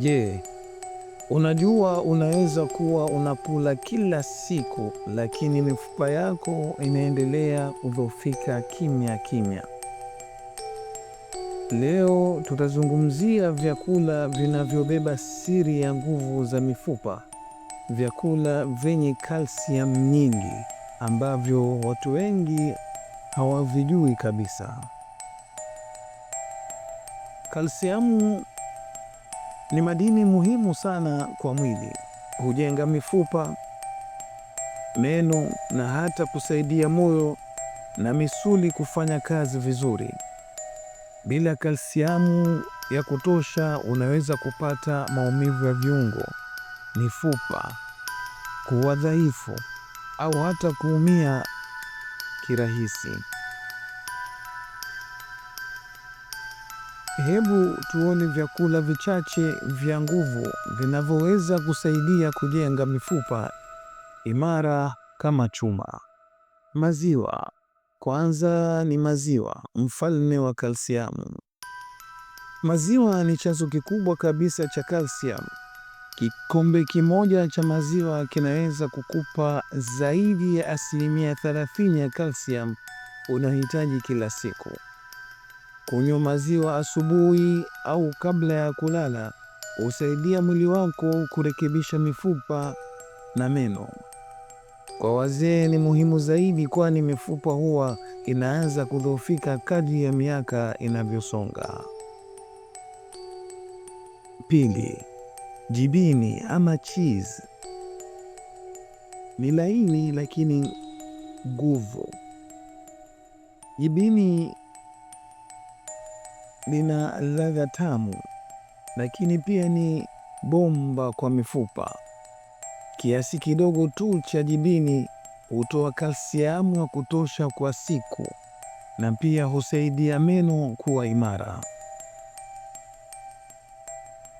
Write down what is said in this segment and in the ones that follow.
Je, unajua unaweza kuwa unakula kila siku lakini mifupa yako inaendelea kudhoofika kimya kimya? Leo tutazungumzia vyakula vinavyobeba siri ya nguvu za mifupa, vyakula vyenye kalsiamu nyingi ambavyo watu wengi hawavijui kabisa. Kalsiamu ni madini muhimu sana kwa mwili, hujenga mifupa, meno na hata kusaidia moyo na misuli kufanya kazi vizuri. Bila kalsiamu ya kutosha, unaweza kupata maumivu ya viungo, mifupa kuwa dhaifu au hata kuumia kirahisi. Hebu tuone vyakula vichache vya nguvu vinavyoweza kusaidia kujenga mifupa imara kama chuma. Maziwa. Kwanza ni maziwa, mfalme wa kalsiamu. Maziwa ni chanzo kikubwa kabisa cha kalsiamu. Kikombe kimoja cha maziwa kinaweza kukupa zaidi ya asilimia 30 ya kalsiamu unayohitaji kila siku. Kunywa maziwa asubuhi au kabla ya kulala husaidia mwili wako kurekebisha mifupa na meno. Kwa wazee ni muhimu zaidi, kwani mifupa huwa inaanza kudhoofika kadri ya miaka inavyosonga. Pili, jibini ama cheese ni laini lakini nguvu. Jibini lina ladha tamu, lakini pia ni bomba kwa mifupa. Kiasi kidogo tu cha jibini hutoa kalsiamu ya kutosha kwa siku na pia husaidia meno kuwa imara.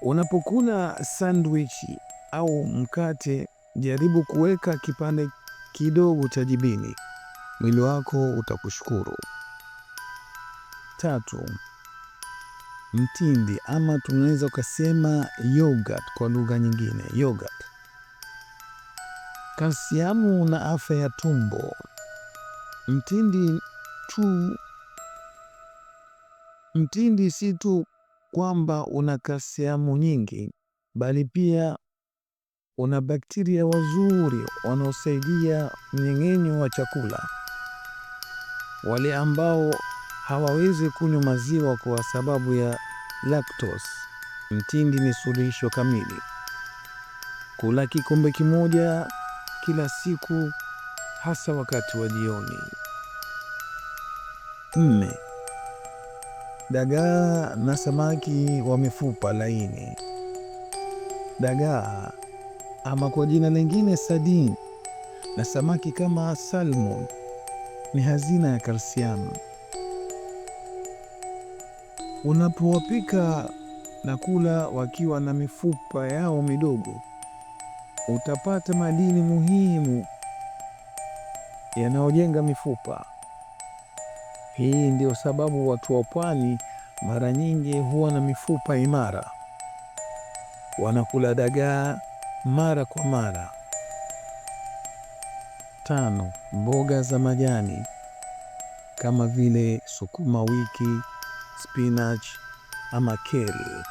Unapokula sandwichi au mkate, jaribu kuweka kipande kidogo cha jibini. Mwili wako utakushukuru. Tatu, mtindi ama tunaweza ukasema yogurt kwa lugha nyingine yogurt. Kalsiamu na afya ya tumbo. Mtindi tu mtindi si tu kwamba una kalsiamu nyingi, bali pia una bakteria wazuri wanaosaidia mmeng'enyo wa chakula. Wale ambao hawawezi kunywa maziwa kwa sababu ya lactose. Mtindi ni suluhisho kamili. Kula kikombe kimoja kila siku, hasa wakati wa jioni. Nne, dagaa na samaki wa mifupa laini. Dagaa ama kwa jina lingine sardine na samaki kama salmon ni hazina ya kalsiamu. Unapowapika na kula wakiwa na mifupa yao midogo, utapata madini muhimu yanayojenga mifupa. Hii ndio sababu watu wa pwani mara nyingi huwa na mifupa imara. Wanakula dagaa mara kwa mara. Tano, mboga za majani kama vile sukuma wiki spinach ama kale.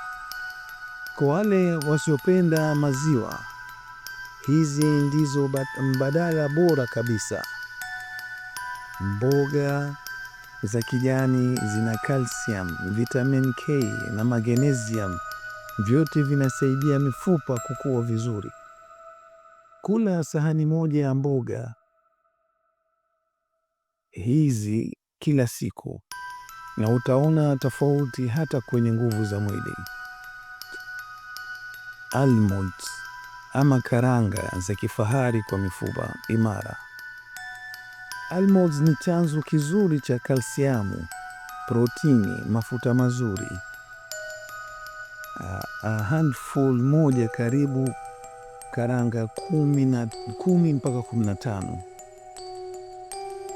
Kwa wale wasiopenda maziwa, hizi ndizo mbadala bora kabisa. Mboga za kijani zina calcium, vitamin K na magnesium, vyote vinasaidia mifupa kukua vizuri. Kula sahani moja ya mboga hizi kila siku na utaona tofauti hata kwenye nguvu za mwili. Almond ama karanga za kifahari kwa mifupa imara. Almonds ni chanzo kizuri cha kalsiamu, protini, mafuta mazuri. A handful moja karibu karanga kumi mpaka kumi na tano.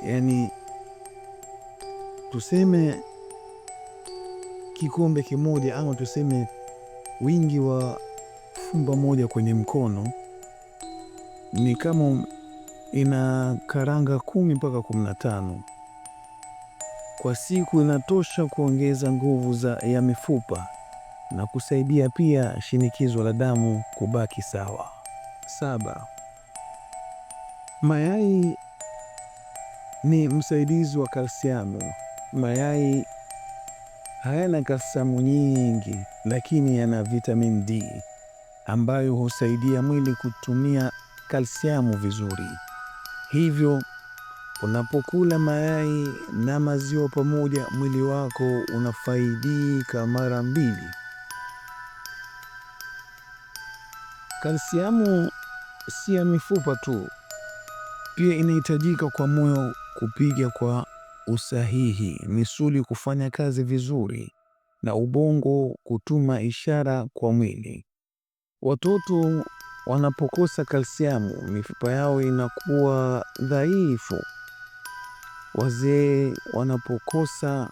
Yani tuseme kikombe kimoja ama tuseme wingi wa fumba moja kwenye mkono ni kama ina karanga kumi mpaka kumi na tano kwa siku, inatosha kuongeza nguvu za ya mifupa na kusaidia pia shinikizo la damu kubaki sawa. Saba, mayai ni msaidizi wa kalsiamu mayai hayana kalsiamu nyingi, lakini yana vitamin D ambayo husaidia mwili kutumia kalsiamu vizuri. Hivyo unapokula mayai na maziwa pamoja, mwili wako unafaidika mara mbili. Kalsiamu si ya mifupa tu, pia inahitajika kwa moyo kupiga kwa usahihi, misuli kufanya kazi vizuri na ubongo kutuma ishara kwa mwili. Watoto wanapokosa kalsiamu, mifupa yao inakuwa dhaifu. Wazee wanapokosa,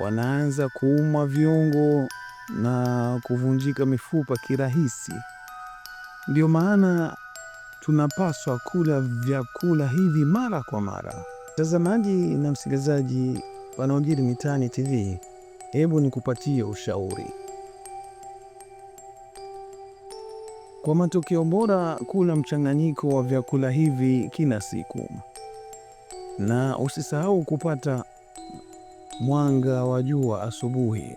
wanaanza kuumwa viungo na kuvunjika mifupa kirahisi. Ndio maana tunapaswa kula vyakula hivi mara kwa mara. Mtazamaji na msikilizaji wanaojiri mitaani TV, hebu nikupatie ushauri kwa matokeo bora. Kula mchanganyiko wa vyakula hivi kila siku, na usisahau kupata mwanga wa jua asubuhi,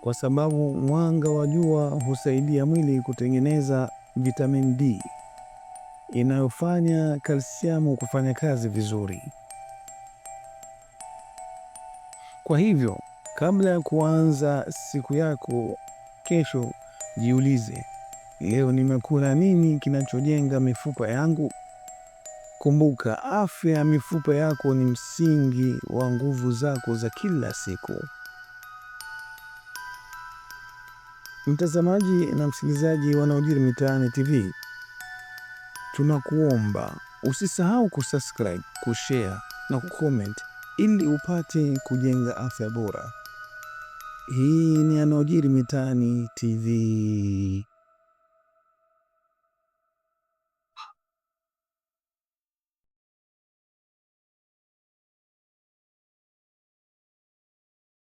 kwa sababu mwanga wa jua husaidia mwili kutengeneza vitamini D inayofanya kalsiamu kufanya kazi vizuri. Kwa hivyo, kabla ya kuanza siku yako kesho, jiulize, leo nimekula nini kinachojenga mifupa yangu? Kumbuka, afya ya mifupa yako ni msingi wa nguvu zako za kila siku. Mtazamaji na msikilizaji yanayojiri mitaani TV. Tunakuomba usisahau kusubscribe, kushare na kucomment ili upate kujenga afya bora. Hii ni yanayojiri mitaani TV.